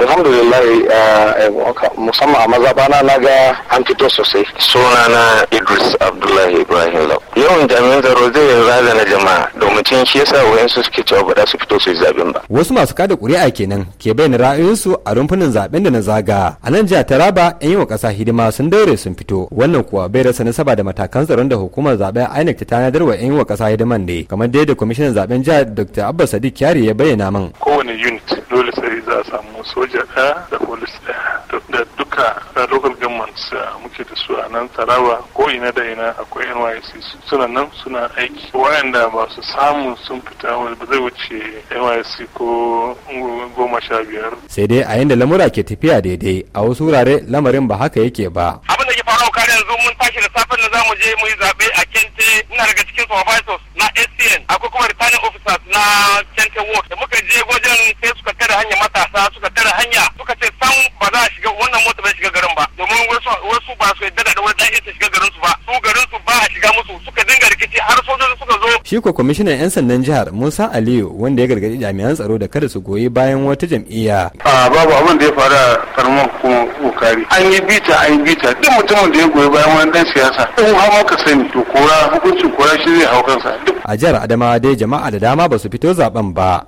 alhamdulillah eh, eh, musamman a mazabana na ga an fito sosai na idris abdullahi ibrahim lau yawan jami'an tsaro zai yi na jama'a domin cin shi yasa wayansu suke cewa ba su fito su yi zaɓen ba wasu masu kada ƙuri'a kenan ke bayyana ra'ayinsu a rumfunan zaɓen da na zaga a nan ta taraba yan yi wa ƙasa hidima sun daure sun fito wannan kuwa bai rasa nasaba da matakan tsaron da hukumar zaɓen inec ta tanadar wa yan yi wa ƙasa hidiman ne kamar dai da kwamishinan zaɓen jihar dr abbas sadiq kyari ya bayyana min wani unit dole sai za a samu soja ɗaya da polis ɗaya da duka local governments eh, muke da su a nan tarawa ko ina da ina akwai nysc suna nan suna aiki wayanda ba su samu sun fita wani ba zai wuce nysc ko goma sha biyar sai dai a yanda lamura ke tafiya daidai a wasu wurare lamarin ba haka yake ba abin da ke faruwa kare yanzu mun tashi da safen da za mu je mu yi zaɓe a kente ina daga cikin supervisors na scn akwai kuma returning officers na wasu ba su yadda da wani dan shiga garin su ba su garin su ba a shiga musu suka dinga rikici har sojoji suka zo shi ko kwamishinan yan sandan jihar Musa Aliyu wanda ya gargadi jami'an tsaro da kada su goyi bayan wata jam'iyya a babu abin da ya faru a karamar hukumar kokari an yi bita an yi bita duk mutumin da ya goyi bayan wani dan siyasa in har ka sani to kora hukuncin kora shi zai hau kansa a jihar Adamawa dai jama'a da dama ba su fito zaben ba